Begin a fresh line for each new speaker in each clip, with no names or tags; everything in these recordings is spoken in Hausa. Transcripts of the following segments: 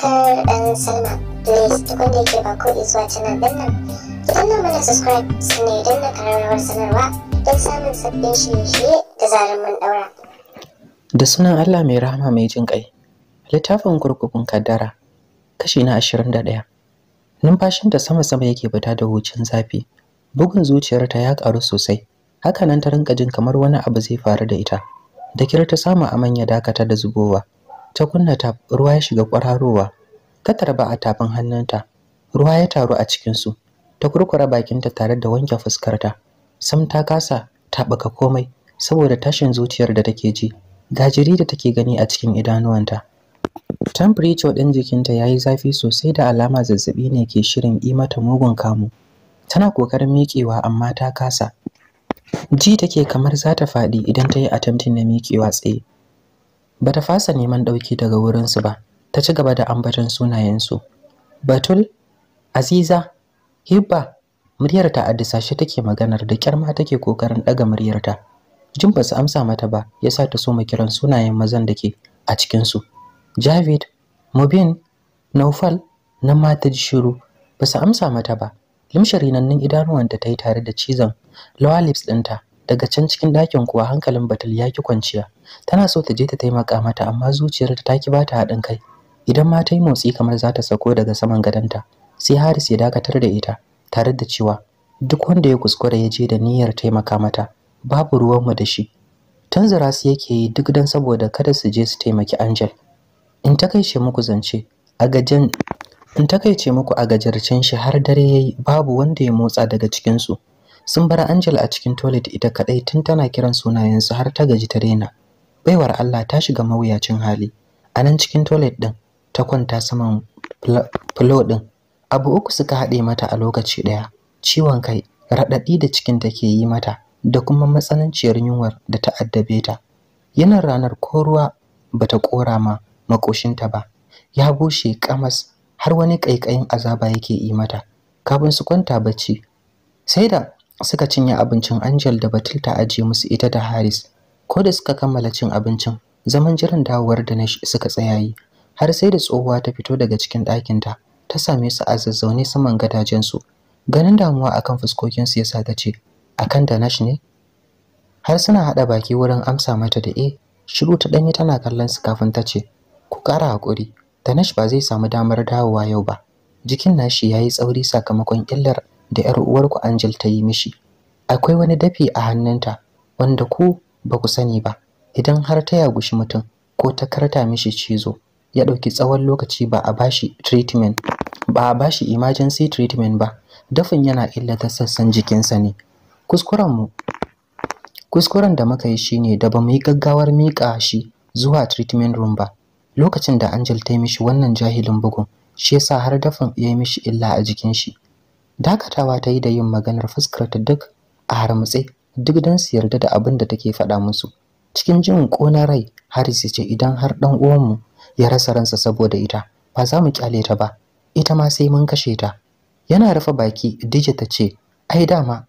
subscribe and sign up. Please tukun da yake ba ko zuwa canal din nan. Ki danna mana subscribe sannan idan na kararrawar sanarwa don samun sabbin shirye-shirye da zarar mun daura. Da sunan Allah mai rahama mai jin ƙai. Littafin kurkukun kaddara kashi na ashirin da ɗaya. Numfashin da sama-sama yake fita da hucin zafi. Bugun zuciyarta ya ƙaru sosai. Haka nan ta rinka jin kamar wani abu zai faru da ita. Da kira ta samu aman ya dakata da zubowa. ta kunna tap ruwa ya shiga kwararowa ta tarba a tafin hannunta ruwa ya taru a cikinsu ta kurkura bakinta tare da wanke fuskarta sam ta kasa taɓuka komai saboda tashin zuciyar da take ji gajiri da take gani a cikin idanuwanta temperature ɗin jikinta ya yi zafi sosai da alama zazzaɓi ne ke shirin yi mata mugun kamu tana kokarin miƙewa amma ta kasa ji take kamar za ta faɗi idan ta yi attempting na miƙewa tsaye Ba ta fasa neman ɗauki daga wurinsu ba ta ci gaba da ambaton sunayensu batul aziza hibba muryarta a disashe take maganar da kyar ma take kokarin ɗaga muryarta jin ba su amsa mata ba ya sa ta so mu kiran sunayen mazan da ke a cikinsu javid mubin naufal nan ma ta ji shiru ba su amsa mata ba limshari nan idanuwanta ta yi tare da cizon lawalips dinta ɗinta daga can cikin ɗakin kuwa hankalin batul ya ki kwanciya tana so ta je ta taimaka mata amma zuciyarta ta ki bata haɗin kai idan ma ta yi motsi kamar za ta sako daga saman gadonta sai Haris ya dakatar da ita tare da cewa duk wanda ya kuskura ya je da niyyar taimaka mata babu ruwanmu da shi tanzara su yake yi duk dan saboda kada su je su taimaki Angel in ta takaice muku zance a gajen in ta takaice muku a gajarcen shi har dare yayi babu wanda ya motsa daga cikin su sun bar Angel a cikin toilet ita kadai tun tana kiran sunayensu har ta gaji ta rena baiwar Allah ta shiga mawuyacin hali a nan cikin toilet din ta kwanta saman flo din abu uku suka haɗe mata a lokaci ɗaya ciwon kai raɗaɗi da cikin take yi mata da kuma matsananciyar yunwar da ta addabe ta yanar ranar ko ruwa bata kora ma makoshinta ba ya bushe kamas har wani ƙaiƙayin azaba yake yi mata kafin su kwanta bacci sai da suka cinye abincin Angel da batilta ta aje musu ita da Haris ko da suka kammala cin abincin zaman jiran dawowar da nashi suka tsaya yi har sai da tsohuwa ta fito daga cikin ɗakinta ta same su a zazzaune saman gadajensu ganin damuwa akan fuskokin su yasa ta ce akan da nash ne har suna haɗa baki wurin amsa mata da e shiru ta danyi tana kallon su kafin ta ce ku ƙara hakuri Danish ba zai samu damar dawowa yau ba jikin nashi yayi tsauri sakamakon illar da 'yar uwarku Angel ta yi mishi akwai wani dafi a hannunta wanda ku ba ku sani ba idan har ta yagushi mutum ko ta karta mishi cizo ya ɗauki tsawon lokaci ba a bashi treatment ba a bashi emergency treatment ba dafin yana illa illata sassan jikinsa ne kuskuren mu kuskuren da muka yi shine da ba mu yi gaggawar miƙa shi zuwa treatment room ba lokacin da Angel ta yi mishi wannan jahilin bugun shi yasa har dafin ya yi mishi illa a jikin shi dakatawa ta yi da yin maganar fuskar ta duk a harmutse duk don su yarda da abin da take faɗa musu cikin jin ƙona rai haris ya ce idan har ɗan uwanmu ya rasa ransa saboda ita ba za mu kyale ta ba ita ma sai mun kashe ta yana rufe baki dije ta ce ai dama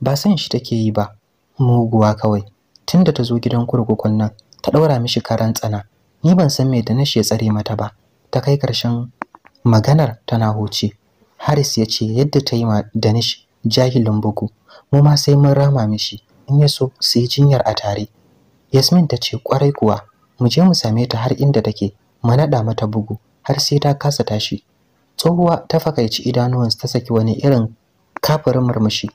ba san shi take yi ba muguwa kawai tunda ta zo gidan kurkukun nan ta ɗaura mishi karan tsana ni ban san me da na ya tsare mata ba ta kai ƙarshen maganar tana huce Haris ya ce yadda ta yi ma Danish jahilin bugu mu ma sai mun rama mishi in ya so su yi jinyar a tare yasmin ta ce kwarai kuwa mu je mu same ta har inda take mu naɗa mata bugu har sai ta kasa tashi tsohuwa ta fakaici idanuwan ta saki wani irin kafirin murmushi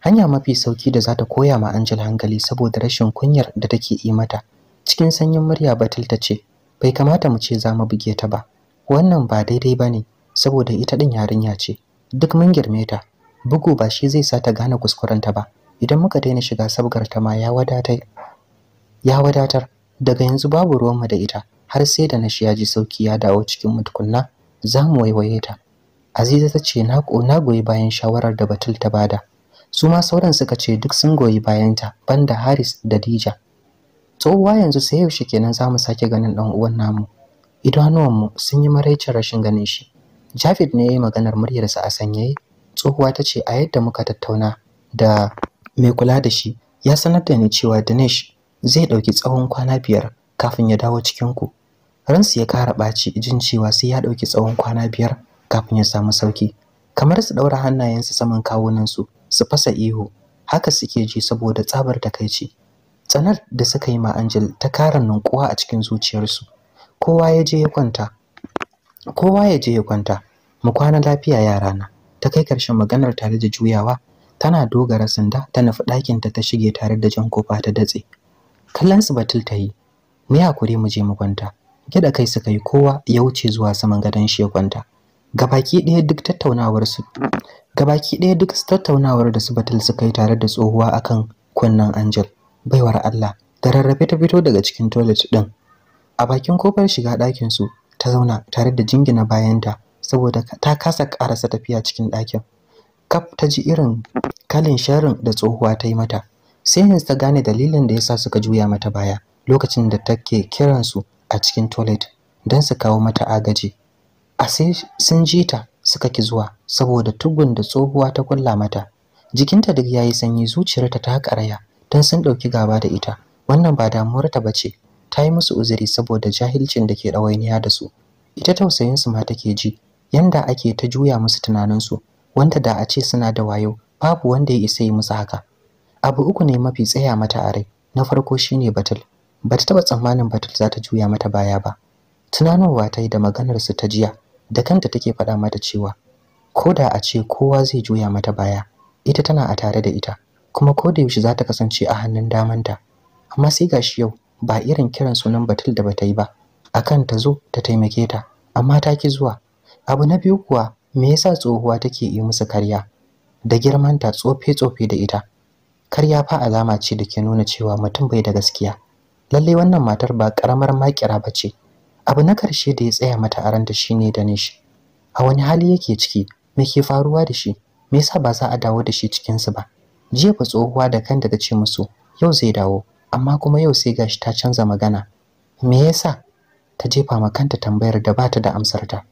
hanya mafi sauki da za ta koya ma Angel hankali saboda rashin kunyar da take yi mata cikin sanyin murya batil ta ce bai kamata mu ce za mu buge ta ba wannan ba daidai ba ne saboda ita ɗin yarinya ce duk mun girme ta bugu ba shi zai sa ta gane kuskurenta ba idan muka daina shiga sabgar ta ma ya wadatar ya wadatar daga yanzu babu ruwanmu da ita har sai da na ji sauki ya dawo cikin mutukunna za mu waiwaye ta aziza ta ce na goyi bayan shawarar da batul ta bada su ma sauran suka ce duk sun goyi bayanta banda haris da dija tsohuwa yanzu sai yaushe kenan za mu sake ganin ɗan uwan namu idanuwanmu sun yi maraicin rashin ganin shi Jafet ne ya yi maganar muryarsa a sanyaye tsohuwa ta ce a yadda muka tattauna da mai kula da shi ya sanar da ni cewa Dinesh zai ɗauki tsawon kwana biyar kafin ya dawo cikin ku. Ransu ya kara ɓaci jin cewa sai ya ɗauki tsawon kwana biyar kafin ya samu sauki. Kamar su ɗaura hannayensu saman kawunansu su fasa ihu haka suke ji saboda tsabar takaici. Tsanar da suka yi ma Angel ta kara nunkuwa a cikin zuciyarsu. Kowa ya je ya kwanta. Kowa ya je ya kwanta. Mu kwana lafiya yarana. ta kai karshen maganar tare da juyawa tana dogara sanda ta nufi ɗakinta ta shige tare da jan kofa ta datse kallon su batul ta yi mu ya hakuri mu je mu kwanta Gida kai suka yi kowa ya wuce zuwa saman gadon shi ya kwanta gabaki ɗaya duk tattaunawar su gabaki ɗaya duk tattaunawar da su batul suka yi tare da tsohuwa akan kunnen angel baiwar allah da rarrafe ta fito daga cikin toilet ɗin a bakin kofar shiga ɗakin su ta zauna tare da jingina bayanta saboda ta kasa karasa tafiya cikin ɗakin kaf ta ji irin kalin sharin da tsohuwa ta yi mata sai ta gane dalilin da yasa suka juya mata baya lokacin da take kiransu a cikin toilet don su kawo mata agaji a sai sun ji ta suka ki zuwa saboda tugun da tsohuwa ta kulla mata jikinta duk yayi sanyi zuciyarta ta karaya don sun ɗauki gaba da ita wannan ba damuwarta ba ce ta yi musu uzuri saboda jahilcin da ke ɗawainiya da su ita tausayinsu ma take ji yanda ake ta juya musu tunaninsu wanda da a ce suna da wayo babu wanda ya isa yi musu haka abu uku ne mafi tsaya mata a rai na farko shine batul ba ta taɓa tsammanin batul za ta juya mata baya ba tunanowa ta yi da maganar su ta jiya da kanta take faɗa mata cewa ko da a ce kowa zai juya mata baya ita tana a tare da ita kuma ko da yaushe za ta kasance a hannun damanta amma sai gashi yau ba irin kiran sunan batul da bata yi ba akan ta zo ta taimake ta amma ta ki zuwa abu na biyu kuwa me yasa tsohuwa take yi musu karya da girmanta tsofe tsofe da ita karya fa alama ce da ke nuna cewa mutum bai da gaskiya lallai wannan matar ba karamar makira ba ce abu na karshe da ya tsaya mata a ranta da nishi. a wani hali yake ciki me ke faruwa da shi me yasa ba za a dawo da shi cikinsu ba jiya fa tsohuwa da kanta da ce musu yau zai dawo amma kuma yau sai gashi ta canza magana me yasa ta jefa ma kanta tambayar da bata da amsarta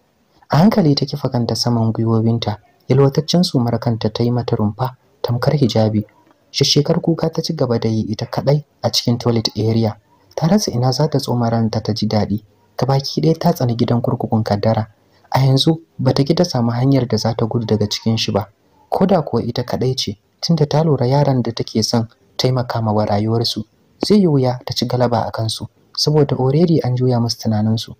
a hankali ta kifa kanta saman gwiwowinta yalwataccen su kanta ta yi mata rumfa tamkar hijabi shekar kuka ta ci gaba da yi ita kadai a cikin toilet area ta rasa ina za ta tsoma ranta ta ji daɗi ta baki ɗaya ta tsani gidan kurkukun kaddara a yanzu ba ta ta samu hanyar da za ta gudu daga cikin shi ba ko da kuwa ita kadai ce tunda ta lura yaran da take son taimaka ma rayuwarsu zai yi wuya ta ci galaba a kansu saboda already an juya musu tunaninsu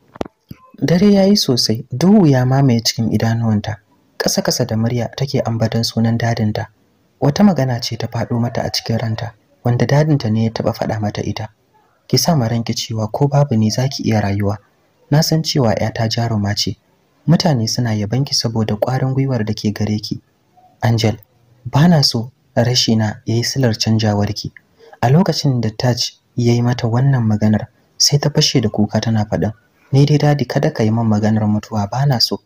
dare ya yi sosai duhu ya mamaye cikin idanuwanta ƙasa-ƙasa da murya take ambaton sunan dadinta wata magana ce ta faɗo mata a cikin ranta wanda dadinta ne ya taɓa faɗa mata ita ki sa ranki cewa ko babu ne zaki iya rayuwa na san cewa ta jaruma ce mutane suna yabanki saboda ƙwarin gwiwar da ke gare ki angel ba na so rashina ya yi silar canjawarki a lokacin da taj yi mata wannan maganar sai ta fashe da kuka tana faɗin ni dai dadi kada ka yi min maganar mutuwa ba na so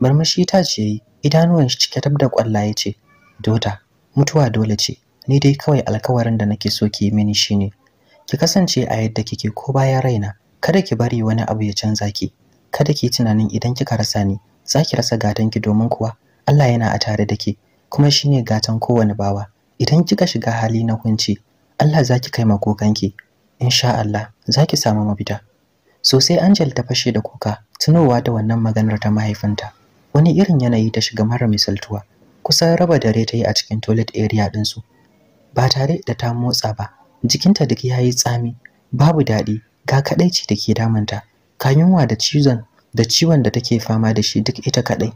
murmushi ta ce yi idanuwan shi cike da kwallaye ce dota mutuwa dole ce ni dai kawai alkawarin da nake so ki yi mini shine ki kasance a yadda kike ko baya raina kada ki bari wani abu ya canza ki kada ki tunanin idan kika rasa ni za ki rasa gatan ki domin kuwa Allah yana a tare da ki kuma shine gatan kowane bawa idan kika shiga hali na kunci Allah za ki kai makokanki insha Allah za ki samu mabita. sosai Angel ta fashe da kuka tunowa da wannan maganar ta mahaifinta wani irin yanayi ta shiga mara misaltuwa kusan raba dare ta yi a cikin toilet area su. ba tare da ta motsa ba jikinta duk ya yi tsami babu daɗi ga kaɗaici da ke damunta ka yunwa da cizon da ciwon da take fama da shi duk ita kaɗai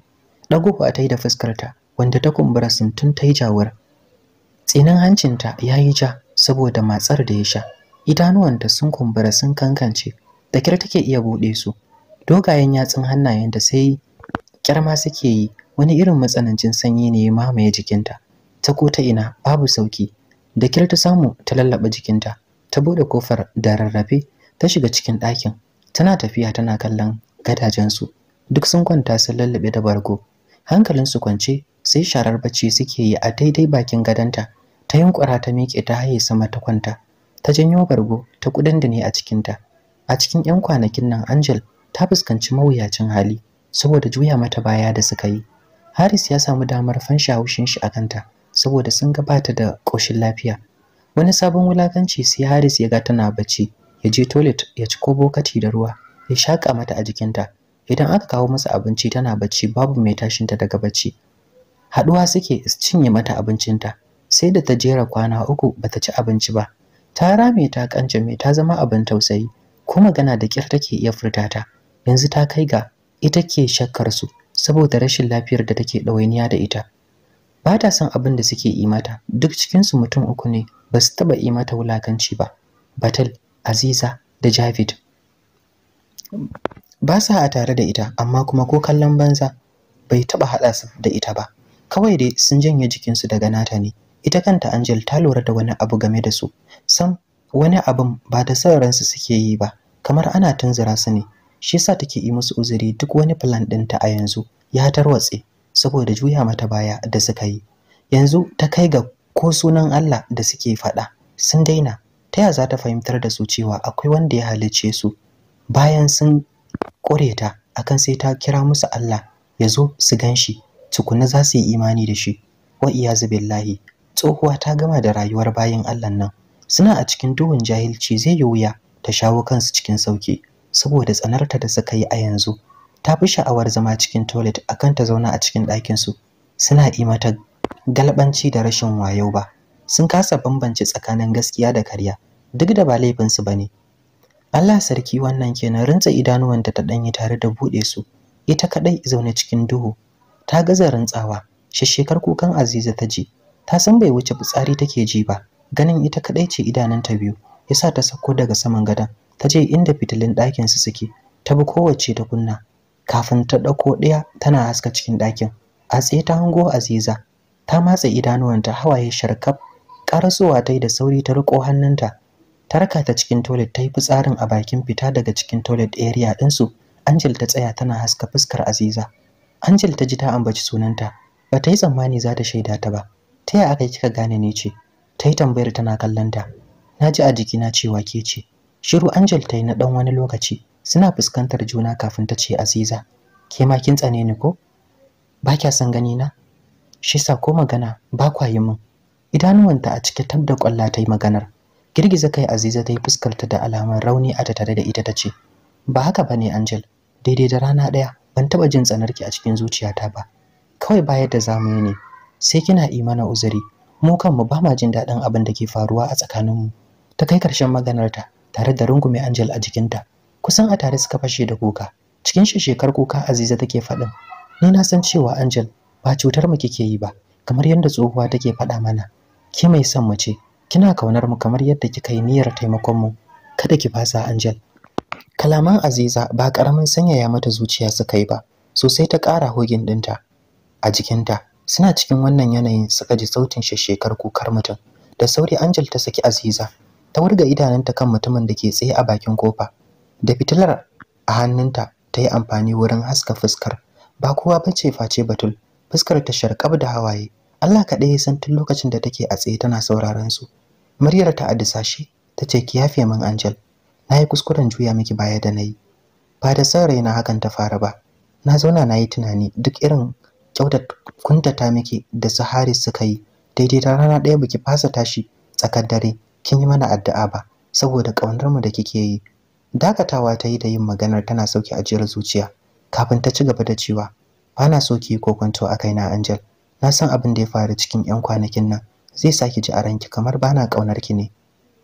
ɗagowa ta yi da fuskarta wanda ta kumbura sun tun ta yi jawar tsinin hancinta ya yi ja saboda matsar da ya sha idanuwanta sun kumbura sun kankance da kyar take iya buɗe su dogayen yatsun hannayen da sai kyar ma suke yi wani irin matsanancin sanyi ne ya mamaye jikinta ta ko ta ina babu sauki da kyar ta samu ta lallaba jikinta ta buɗe kofar da rarrafe ta shiga cikin ɗakin tana tafiya tana kallon gadajensu duk sun kwanta sun lallabe da bargo hankalinsu kwance sai sharar bacci suke yi a daidai bakin gadonta ta yunkura ta miƙe ta haye sama ta kwanta ta janyo bargo ta kudin da ne a cikinta A cikin 'yan kwanakin nan Angel ta fuskanci mawuyacin hali saboda juya mata baya da suka yi. Haris ya samu damar fansha haushin shi a kanta saboda sun gabata da ƙoshin lafiya. Wani sabon wulakanci sai Haris ya ga tana bacci, ya je toilet ya ci kobo kati da ruwa, ya shaƙa mata a jikinta. Idan aka kawo masa abinci tana bacci babu mai tashinta daga bacci. Haɗuwa suke su cinye mata abincinta, sai da ta jera kwana uku bata ci abinci ba. Ta rame ta kanjame ta zama abin tausayi. ko magana da kyar take iya furta ta yanzu ta kai ga ita ke shakkar su saboda rashin lafiyar da take ɗawainiya da ita ba ta son abin da suke yi mata duk cikinsu mutum uku ne ba su taɓa yi mata wulakanci ba batal aziza da javid ba sa a tare da ita amma kuma ko kallon banza bai taɓa haɗa su da ita ba kawai dai sun janye jikinsu daga nata ne ita kanta angel ta lura da wani abu game da su sam wani abin ba da son ransu suke yi ba kamar ana tunzura su ne shi yasa take yi musu uzuri duk wani plan ta a yanzu ya tarwatse saboda juya mata baya da suka yi yanzu ta kai ga ko sunan Allah da suke faɗa sun daina ta ya za ta fahimtar da su cewa akwai wanda ya halicce su bayan sun kore ta akan sai ta kira musu Allah ya zo su gan shi tukuna za su yi imani da shi wa iyazu billahi tsohuwa ta gama da rayuwar bayin Allah nan suna a cikin duhun jahilci zai yi wuya ta shawo kansu cikin sauki saboda tsanarta da suka yi a yanzu ta fi sha'awar zama cikin toilet akan ta zauna a cikin ɗakinsu suna yi mata galbanci da rashin wayo ba sun kasa bambance tsakanin gaskiya da karya duk da ba laifinsu ba ne Allah sarki wannan kenan rantsa idanuwanta ta danyi tare da buɗe su ita kadai zaune cikin duhu ta gaza rantsawa shishshekar kukan Aziza ta ji ta san bai wuce fitsari take ji ba ganin ita kadai ce idanunta biyu yasa ta sako daga saman gadon ta je inda fitilun ɗakin su suke ta bi kowace ta kunna kafin ta ɗauko ɗaya tana haska cikin ɗakin a tsaye ta hango aziza ta matse idanuwanta hawaye sharkaf karasowa ta yi da sauri ta riko hannunta ta raka ta cikin toilet ta yi fitsarin a bakin fita daga cikin toilet area su. angel ta tsaya tana haska fuskar aziza angel ta ji ta ambaci sunanta ba ta yi tsammani za ta shaida ta ba ta yaya aka kika gane ni ce ta yi tambayar tana kallonta na ji a jikina cewa ke ce shiru angel ta yi na ɗan wani lokaci suna fuskantar juna kafin ta ce aziza ke ma kin tsane ni ko ba kya san gani na shi sa ko magana ba kwa yi min idanuwanta a cike tab da kwalla ta yi maganar girgiza kai aziza ta yi fuskarta da alamar rauni a tattare da ita ta ce ba haka ba ne angel daidai da rana ɗaya ban taɓa jin tsanarki a cikin zuciyata ba kawai bayar da zamu yi ne sai kina imana uzuri mu kanmu ba ma jin daɗin abin da ke faruwa a tsakaninmu ta kai ƙarshen maganarta tare da rungume Angel a jikinta kusan a tare suka fashe da kuka cikin shekar kuka Aziza take faɗin ni na san cewa Angel ba cutar mu kike yi ba kamar yadda tsohuwa take faɗa mana ke mai son mu ce kina kaunar mu kamar yadda kika yi niyyar taimakon mu kada ki fasa Angel kalaman Aziza ba karamin sanyaya mata zuciya suka yi ba sosai ta ƙara hogin ɗinta a jikinta suna cikin wannan yanayin suka ji sautin shekar kukar mutum da sauri Angel ta saki Aziza ta wurga idanunta kan mutumin da ke tsaye a bakin kofa da fitilar a hannunta ta yi amfani wurin haska fuskar ba kowa bace face batul fuskar ta sharkab da hawaye Allah kaɗai ya san tun lokacin da take a tsaye tana sauraron su muryar ta a disashe ta ce ki yafe min Angel na yi kuskuren juya miki baya da na yi ba da son raina hakan ta fara ba na zauna na yi tunani duk irin kuntata miki da su hari suka yi daidai da rana ɗaya baki fasa tashi tsakar dare kin yi mana addu'a ba saboda ƙaunar mu da kike yi dakatawa ta yi da yin maganar tana sauke ajiyar zuciya kafin ta ci gaba da cewa ba na so ki yi kokonto a kaina Angel na san abin da ya faru cikin 'yan kwanakin nan zai saki ji a ranki kamar ba na ƙaunar ki ne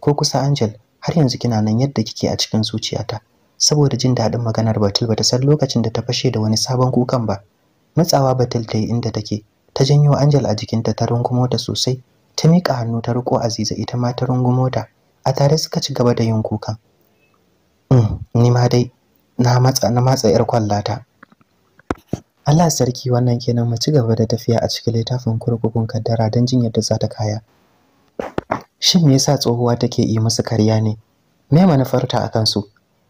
ko kusa Angel har yanzu kina nan yadda kike a cikin zuciyata saboda jin daɗin maganar Batul bata san lokacin da ta fashe da wani sabon kukan ba matsawa batul ta yi inda take ta janyo Angel a jikinta ta rungumo ta sosai ta miƙa hannu ta riko Aziza ita ma ta rungumo ta a tare suka ci gaba da yin kukan mm ni ma dai na matsa na matsa yar kwallata Allah sarki wannan kenan mu ci gaba da tafiya a cikin littafin kurkukun kaddara don jin yadda za ta kaya shin me yasa tsohuwa take yi musu karya ne me manufarta akan su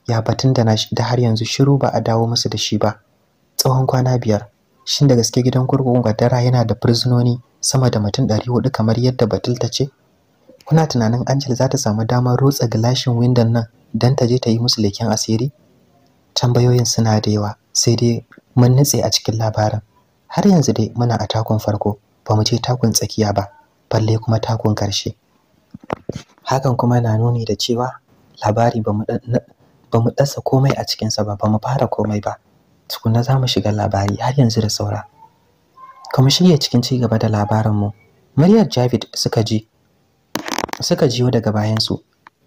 ya batun da da har yanzu shiru ba a dawo musu da shi ba tsawon kwana biyar shin da gaske gidan kurkukun gaddara yana da fursunoni sama da mutum hudu kamar yadda batul ta ce kuna tunanin angel za ta samu damar rotsa gilashin windon nan don ta je ta yi musu leken asiri tambayoyin suna da yawa sai dai mun nutse a cikin labarin har yanzu dai muna a takun farko ba mu je takun tsakiya ba balle kuma takun karshe hakan kuma na nuni da cewa labari ba mu dasa komai a cikinsa ba ba mu fara komai ba tukunna za mu shiga labari har yanzu da saura kamu shirya cikin ci gaba da labarinmu muryar javid suka ji suka jiyo daga bayansu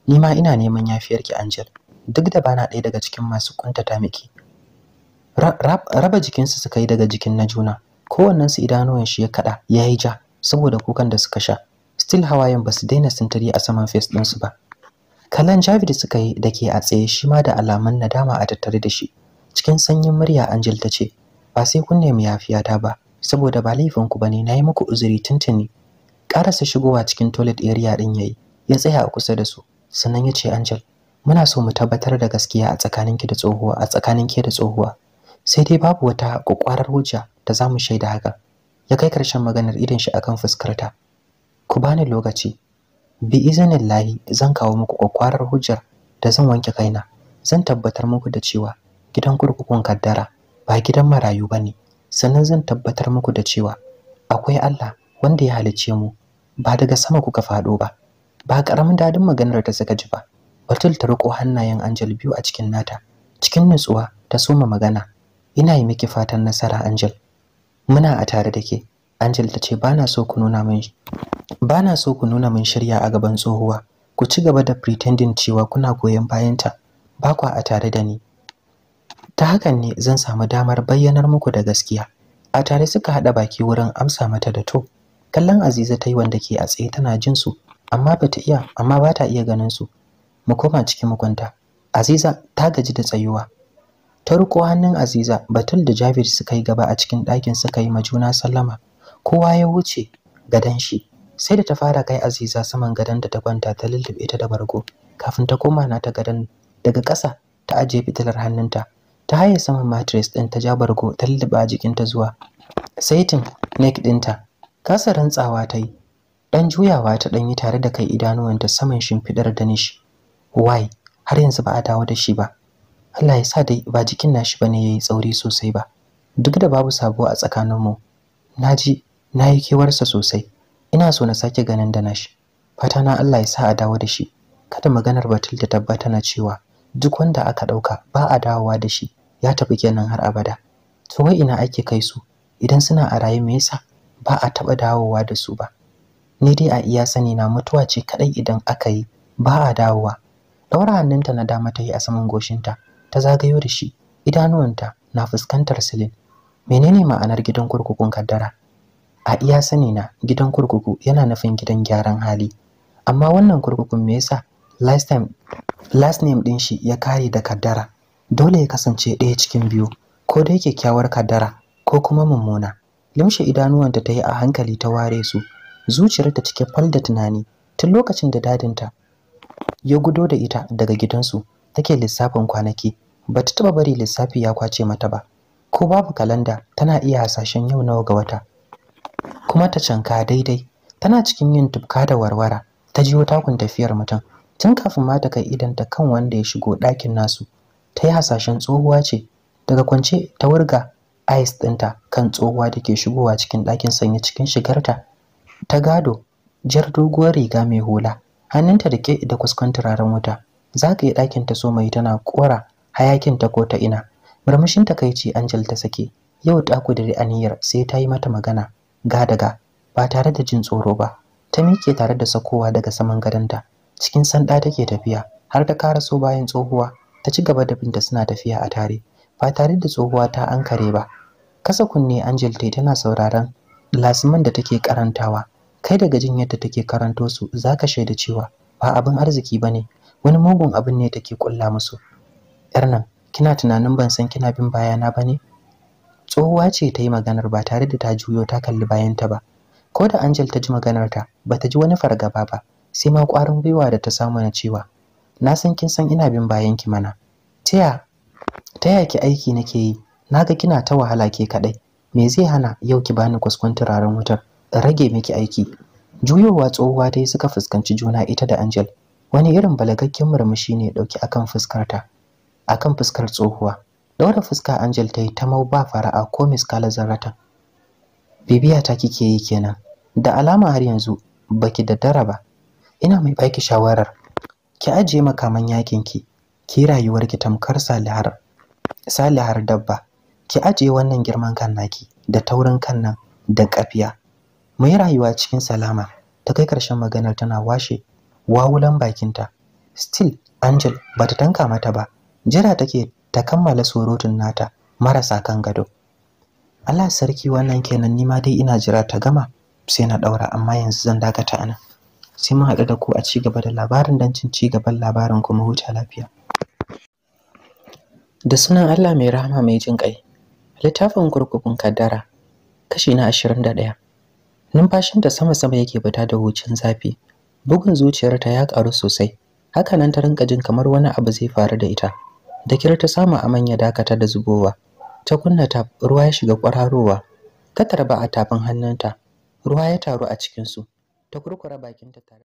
ni ma ina neman yafiyar ki, angel duk da bana ɗaya daga cikin masu kuntata miki raba jikinsu suka yi daga jikin na juna kowannensu idanuwan shi ya kaɗa ya yi ja saboda kukan da suka sha still hawayen ba su daina sintari a saman fes su ba Kalan javid suka yi da ke a tsaye shi ma da alamun nadama a tattare da shi cikin sanyin murya Angel ta ce ba sai kun nemi yafiyata ba saboda ba laifinku na yi muku uzuri tuntuni karasa shigowa cikin toilet area din yayi ya tsaya a kusa da su sannan ya ce Angel muna so mu tabbatar da gaskiya a tsakaninki da tsohuwa a tsakaninki da tsohuwa sai dai babu wata kokwarar hujja da zamu shaida haka ya kai karshen maganar idan shi akan fuskarta ku bani lokaci bi izinin lahi zan kawo muku kokwarar hujjar da zan wanke kaina zan tabbatar muku da cewa gidan kurkukun kaddara ba gidan marayu ba ne sannan zan tabbatar muku da cewa akwai Allah wanda ya halice mu ba daga sama kuka faɗo ba ba ƙaramin dadin maganar da suka ji ba Batul ta riko hannayen Angel biyu a cikin nata cikin nutsuwa ta soma magana ina yi miki fatan nasara Angel muna a tare da ke Angel ta ce bana so ku nuna min bana so ku nuna min shirya a gaban tsohuwa ku ci gaba da pretending cewa kuna goyon bayanta ba kwa a tare da ni ta hakan ne zan samu damar bayyanar muku da gaskiya a tare suka haɗa baki wurin amsa mata da to kallon aziza ta yi wanda ke a tsaye tana jin su amma bata iya amma ba ta iya ganin su mu koma cikin mukunta aziza ta gaji da tsayuwa ta riko hannun aziza batul da jabir suka yi gaba a cikin ɗakin suka yi ma juna sallama kowa ya wuce gadon shi sai da ta fara kai aziza saman gadon da ta kwanta ta lullube ta da bargo kafin ta koma na ta gadon daga ƙasa ta ajiye fitilar hannunta ta haye saman mattress ɗin ta ja bargo ta jikin jikinta zuwa saitin neck ɗinta kasa rantsawa ta yi Dan juyawa ta ɗanyi tare da kai idanuwanta saman shimfidar da shi. why har yanzu ba a dawo da shi ba Allah ya sa dai ba jikin nashi bane yayi tsauri sosai ba duk da babu sabo a tsakaninmu naji nayi kewarsa sosai ina so na sake ganin da nashi fata na Allah ya sa a dawo da shi kada maganar batul da tabbata na cewa duk wanda aka dauka ba a dawowa da shi ya tafi kenan har abada to wai ina ake kai su idan suna a raye me yasa ba a taɓa dawowa da su ba ni dai a iya sani na mutuwa ce kaɗai idan aka yi ba a dawowa ɗaura hannunta na dama ta yi a saman goshinta ta zagayo da shi idanuwanta na fuskantar silin menene ma'anar gidan kurkukun kaddara a iya sani na gidan kurkuku yana nufin gidan gyaran hali amma wannan kurkukun me yasa last time last name din shi ya kare da kaddara dole ya kasance ɗaya cikin biyu ko dai kyakkyawar kaddara ko kuma mummuna limshe idanuwanta ta yi a hankali ta ware su zuciyarta cike fal da tunani tun lokacin da dadinta ya gudo da ita daga gidansu take lissafin kwanaki ba ta taɓa bari lissafi ya kwace mata ba ko babu kalanda tana iya hasashen yau nawa ga wata kuma ta canka daidai tana cikin yin tufka da warwara ta jiyo takun tafiyar mutum tun kafin ma ta kai idanta kan wanda ya shigo ɗakin nasu ta yi hasashen tsohuwa ce daga kwance ta wurga ice ɗinta kan tsohuwa da ke shigowa cikin ɗakin sanya cikin shigarta ta gado jar doguwar riga mai hula hannunta da ke da kuskon turaren wuta za ka yi ɗakin ta so mai tana kora hayakin ta ko ta ina murmushin ta takaici angel ta sake yau ta kudiri aniyar sai ta yi mata magana ga daga ba tare da jin tsoro ba ta miƙe tare da sakowa daga saman gadonta cikin sanda take tafiya har ta karaso bayan tsohuwa ta ci gaba da binta suna tafiya a tare ba tare da tsohuwa ta ankare ba kasa kunne Angel tai tana sauraron lasman da take karantawa kai daga jin yadda take karanto su zaka shaida cewa ba abin arziki bane wani mugun abin ne take kulla musu yar nan kina tunanin ban san kina bin bayana bane tsohuwa ce ta yi maganar ba tare da ta juyo ta kalli bayanta ba ko da Angel ta ji maganar ta bata ji wani fargaba ba sai ma ƙwarin gwiwa da ta samu na cewa na san kin san ina bin bayan ki mana taya taya ki aiki nake yi naga kina ta wahala ke kadai me zai hana yau ki bani kuskun turaren wutar rage miki aiki juyowa tsohuwa dai suka fuskanci juna ita da Angel wani irin balagakken murmushi ne dauki akan fuskarta akan fuskar tsohuwa daura fuska Angel ta yi ta mau ba fara'a ko miskala zarrata bibiya ta kike yi kenan da alama har yanzu baki da dara ba ina mai baki shawarar ki ajiye makaman yakin ki ki rayuwar ki tamkar salihar salihar dabba ki ajiye wannan girman kan naki da taurin kan nan da kafiya mu yi rayuwa cikin salama ta kai karshen maganar tana washe wawulan bakinta still angel bata tanka mata ba jira take ta kammala surutun nata marasa kan gado Allah sarki wannan kenan nima dai ina jira ta gama sai na daura amma yanzu zan dakata anan sai mun haɗu da ku a cigaba da labarin don cin ci labarin kuma huta lafiya da sunan Allah mai rahama mai jin ƙai littafin kurkukun kaddara kashi na ashirin da ɗaya. numfashin da sama-sama yake fita da hucin zafi bugun zuciyarta ya ƙaru sosai haka nan ta rinka jin kamar wani abu zai faru da ita da kira ta samu aman ya dakata da zubowa ta kunna ta ruwa ya shiga kwararowa ta tarba a tafin hannunta ruwa ya taru a cikinsu ta kurkure bakinta tare